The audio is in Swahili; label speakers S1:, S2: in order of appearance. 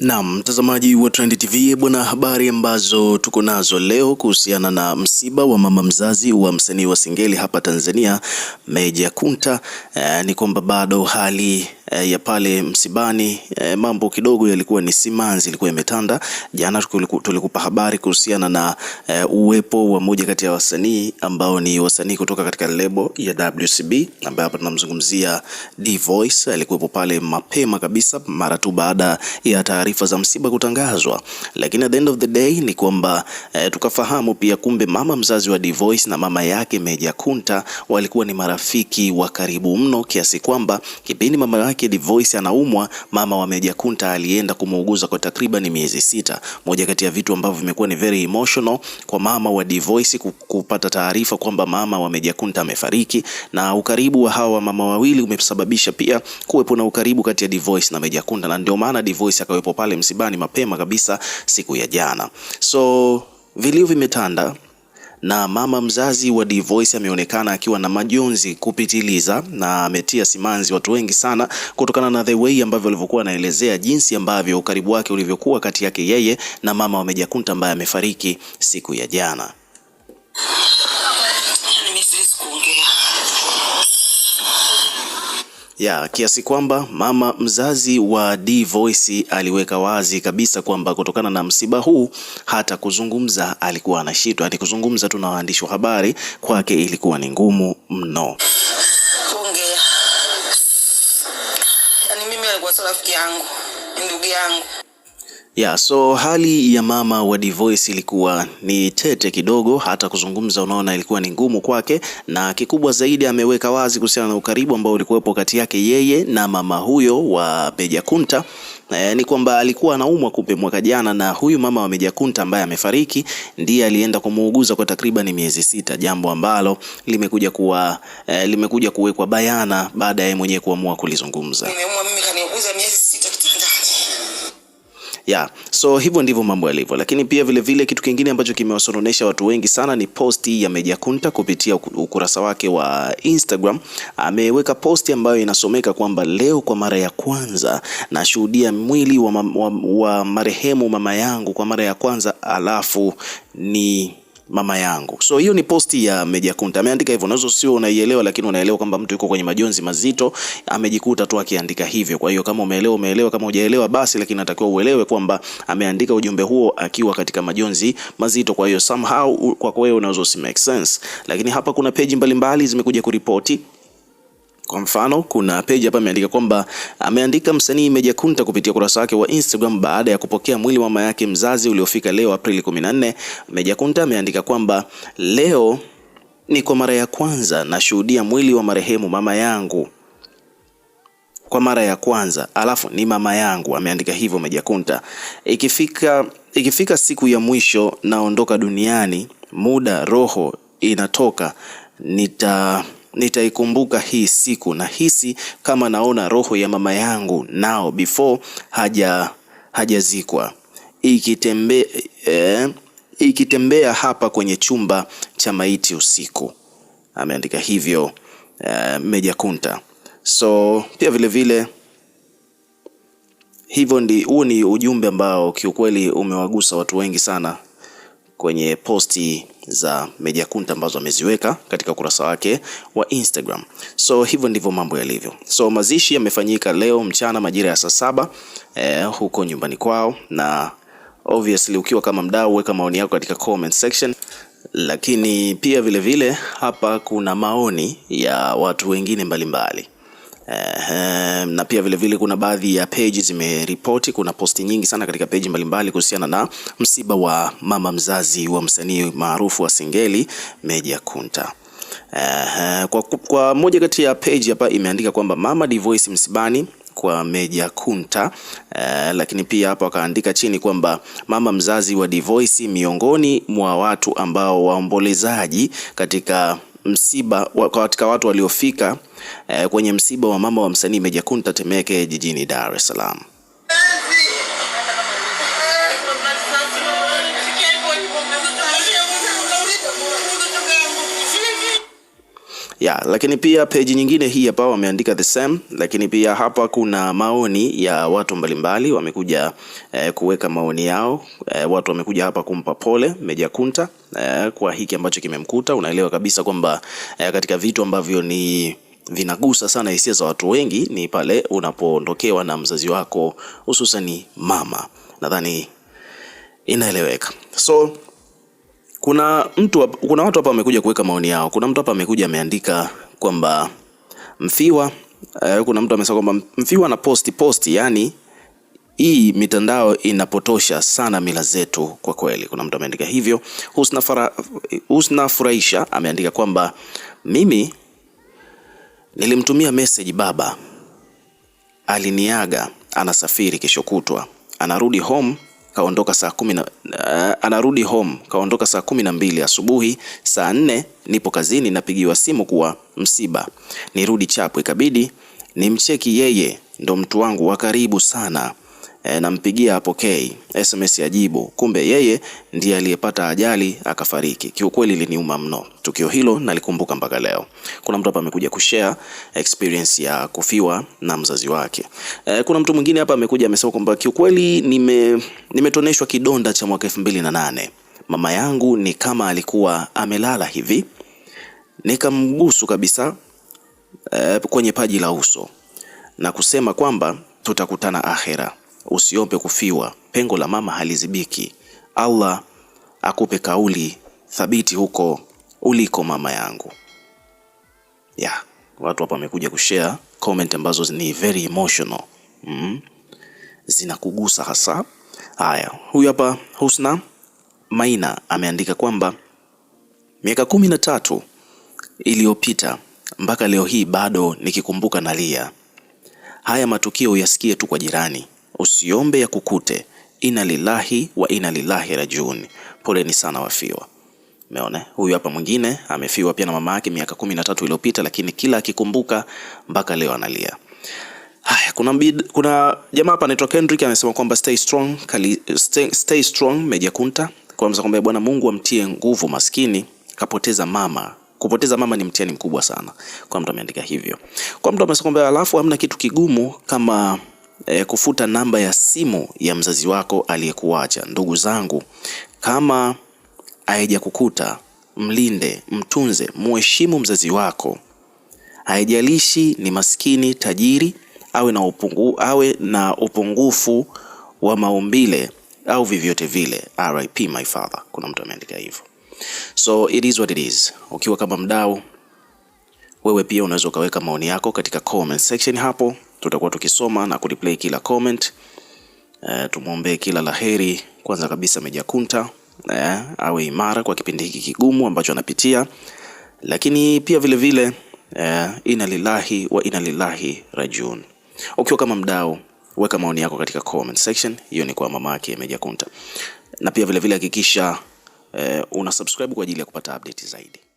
S1: Naam, mtazamaji wa Trend TV bwana, habari ambazo tuko nazo leo kuhusiana na msiba wa mama mzazi wa msanii wa Singeli hapa Tanzania, Meja Kunta eh, ni kwamba bado hali eh, ya pale msibani eh, mambo kidogo yalikuwa ni simanzi, ilikuwa imetanda. Jana tulikupa habari kuhusiana na eh, uwepo wa moja kati ya wasanii ambao ni wasanii kutoka katika lebo ya WCB ambaye hapa tunamzungumzia D Voice, alikuwepo pale mapema kabisa mara tu baada ya taarifa za msiba kutangazwa, lakini at the end of the day ni kwamba eh, tukafahamu pia kumbe mama mzazi wa D Voice na mama yake Meja Kunta walikuwa ni marafiki wa karibu mno kiasi kwamba kipindi mama yake yake Divoice anaumwa, mama wa Meja Kunta alienda kumuuguza kwa takriban miezi sita. Moja kati ya vitu ambavyo vimekuwa ni very emotional kwa mama wa Divoice kupata taarifa kwamba mama wa Meja Kunta amefariki, na ukaribu wa hawa mama wawili umesababisha pia kuwepo na ukaribu kati ya Divoice na Meja Kunta, na ndio maana Divoice akawepo pale msibani mapema kabisa siku ya jana. So vilio vimetanda na mama mzazi wa Dvoice ameonekana akiwa na majonzi kupitiliza na ametia simanzi watu wengi sana kutokana na the way ambavyo alivyokuwa anaelezea jinsi ambavyo ukaribu wake ulivyokuwa kati yake yeye na mama wa Meja Kunta ambaye amefariki siku ya jana ya kiasi kwamba mama mzazi wa D Voice aliweka wazi kabisa kwamba kutokana na msiba huu hata kuzungumza alikuwa anashitwa, hadi kuzungumza tu na waandishi wa habari kwake ilikuwa ni ngumu mno. Ongea. Yaani mimi alikuwa rafiki yangu, ndugu yangu Yeah, so hali ya mama wa Divoice ilikuwa ni tete kidogo, hata kuzungumza unaona ilikuwa ni ngumu kwake, na kikubwa zaidi ameweka wazi kuhusiana na ukaribu ambao ulikuwepo kati yake yeye na mama huyo wa Meja Kunta. E, ni kwamba alikuwa anaumwa kupe mwaka jana, na huyu mama wa Meja Kunta ambaye amefariki ndiye alienda kumuuguza kwa takriban miezi sita, jambo ambalo limekuja kuwa e, limekuja kuwekwa bayana baada ya mwenyewe kuamua kulizungumza. Nimeumwa mimi kaniuguza miezi yeah. So hivyo ndivyo mambo yalivyo, lakini pia vilevile vile kitu kingine ambacho kimewasononesha watu wengi sana ni posti ya Meja Kunta kupitia ukurasa wake wa Instagram. Ameweka posti ambayo inasomeka kwamba leo kwa mara ya kwanza nashuhudia mwili wa, wa, wa marehemu mama yangu kwa mara ya kwanza, alafu ni mama yangu. So hiyo ni posti ya Meja Kunta, ameandika hivyo, nazo sio unaielewa, lakini unaelewa kwamba mtu yuko kwenye majonzi mazito, amejikuta tu akiandika hivyo. Kwa hiyo kama umeelewa umeelewa, kama hujaelewa basi, lakini natakiwa uelewe kwamba ameandika ujumbe huo akiwa katika majonzi mazito. Kwa hiyo somehow, kwako wewe unaweza usi make sense, lakini hapa kuna peji mbalimbali zimekuja kuripoti kwa mfano kuna page hapa ameandika kwamba ameandika msanii Meja Kunta kupitia kurasa wake wa Instagram baada ya kupokea mwili wa mama yake mzazi uliofika leo Aprili 14. Meja Kunta ameandika kwamba leo ni kwa mara ya kwanza nashuhudia mwili wa marehemu mama yangu kwa mara ya kwanza, alafu ni mama yangu. Ameandika hivyo Meja Kunta. Ikifika, ikifika siku ya mwisho naondoka duniani, muda roho inatoka nita nitaikumbuka hii siku, nahisi kama naona roho ya mama yangu nao before haja hajazikwa ikitembea eh, ikitembea hapa kwenye chumba cha maiti usiku. Ameandika hivyo eh, Meja Kunta. So pia vile vile hivyo ndi, huu ni ujumbe ambao kiukweli umewagusa watu wengi sana kwenye posti za Media Kunta ambazo ameziweka katika ukurasa wake wa Instagram. So hivyo ndivyo mambo yalivyo. So mazishi yamefanyika leo mchana majira ya saa saba eh, huko nyumbani kwao, na obviously ukiwa kama mdau, weka maoni yako katika comment section lakini pia vilevile vile, hapa kuna maoni ya watu wengine mbalimbali mbali na pia vilevile vile kuna baadhi ya page zimeripoti, kuna posti nyingi sana katika page mbalimbali kuhusiana na msiba wa mama mzazi wa msanii maarufu wa Singeli Meja Kunta. Kwa, kwa moja kati ya page hapa imeandika kwamba Mama Divoice msibani kwa Meja Kunta Uh, lakini pia hapa wakaandika chini kwamba mama mzazi wa Divoice miongoni mwa watu ambao waombolezaji katika msiba katika watu waliofika eh, kwenye msiba wa mama wa msanii Meja Kunta Temeke jijini Dar es Salaam. ya, lakini pia peji nyingine hii hapa wameandika the same, lakini pia hapa kuna maoni ya watu mbalimbali wamekuja eh, kuweka maoni yao eh, watu wamekuja hapa kumpa pole Meja Kunta eh, kwa hiki ambacho kimemkuta. Unaelewa kabisa kwamba eh, katika vitu ambavyo ni vinagusa sana hisia za watu wengi ni pale unapoondokewa na mzazi wako, hususani mama. Nadhani inaeleweka so kuna mtu, kuna watu hapa wamekuja kuweka maoni yao. Kuna mtu hapa amekuja ameandika kwamba Mfiwa uh, kuna mtu amesema kwamba Mfiwa na posti posti, yani hii mitandao inapotosha sana mila zetu kwa kweli. Kuna mtu ameandika hivyo. Husna, Fara, Husna Furahisha ameandika kwamba mimi nilimtumia message baba, aliniaga anasafiri kesho kutwa, anarudi home kaondoka saa kumi na uh, anarudi home kaondoka saa kumi na mbili asubuhi. Saa nne nipo kazini, napigiwa simu kuwa msiba, nirudi chapu Ikabidi nimcheki yeye, ndo mtu wangu wa karibu sana e, nampigia apokei, SMS jibu Kumbe yeye ndiye aliyepata ajali akafariki. Kiukweli liniuma mno tukio hilo, nalikumbuka mpaka leo. Kuna mtu hapa amekuja kushare experience ya kufiwa na mzazi wake. E, kuna mtu mwingine hapa amekuja amesema kwamba kiukweli nime nimetoneshwa kidonda cha mwaka elfu mbili na nane. Mama yangu ni kama alikuwa amelala hivi, nikambusu kabisa e, kwenye paji la uso na kusema kwamba tutakutana akhera usiope kufiwa, pengo la mama halizibiki. Allah akupe kauli thabiti huko uliko mama yangu. Ya, watu hapa wamekuja kushare comment ambazo ni very emotional mm, zinakugusa hasa. Haya, huyu hapa Husna Maina ameandika kwamba miaka kumi na tatu iliyopita mpaka leo hii bado nikikumbuka nalia. Haya matukio yasikie tu kwa jirani usiombe ya kukute, ina lillahi wa inna lillahi rajiun. Poleni sana wafiwa. Umeona, huyu hapa mwingine amefiwa pia na mama yake miaka kumi na tatu iliyopita, lakini kila akikumbuka mpaka leo analia. Haya, kuna, kuna jamaa hapa anaitwa Kendrick amesema kwamba stay strong, kali, stay, stay strong Meja Kunta kwa kwamba Bwana Mungu amtie nguvu maskini, kapoteza mama kupoteza mama ni mtihani mkubwa sana. Kwa mtu ameandika hivyo, kwa mtu amesema kwamba alafu hamna kitu kigumu kama e, kufuta namba ya simu ya mzazi wako aliyekuacha. Ndugu zangu, kama haijakukuta mlinde, mtunze, muheshimu mzazi wako. Haijalishi ni maskini, tajiri, awe na upungu, awe na upungufu wa maumbile au vyovyote vile. RIP my father, kuna mtu ameandika hivyo, so it is what it is. Ukiwa kama mdau wewe pia unaweza ukaweka maoni yako katika comment section hapo tutakuwa tukisoma na kureplay kila comment. E, eh, tumwombee kila laheri. Kwanza kabisa Meja Kunta e, awe imara kwa kipindi hiki kigumu ambacho anapitia, lakini pia vile vile, e, inna lillahi wa inna lillahi rajiun. Ukiwa kama mdau, weka maoni yako katika comment section. Hiyo ni kwa mama yake Meja Kunta, na pia vile vile hakikisha vile, una subscribe kwa ajili ya kupata update zaidi.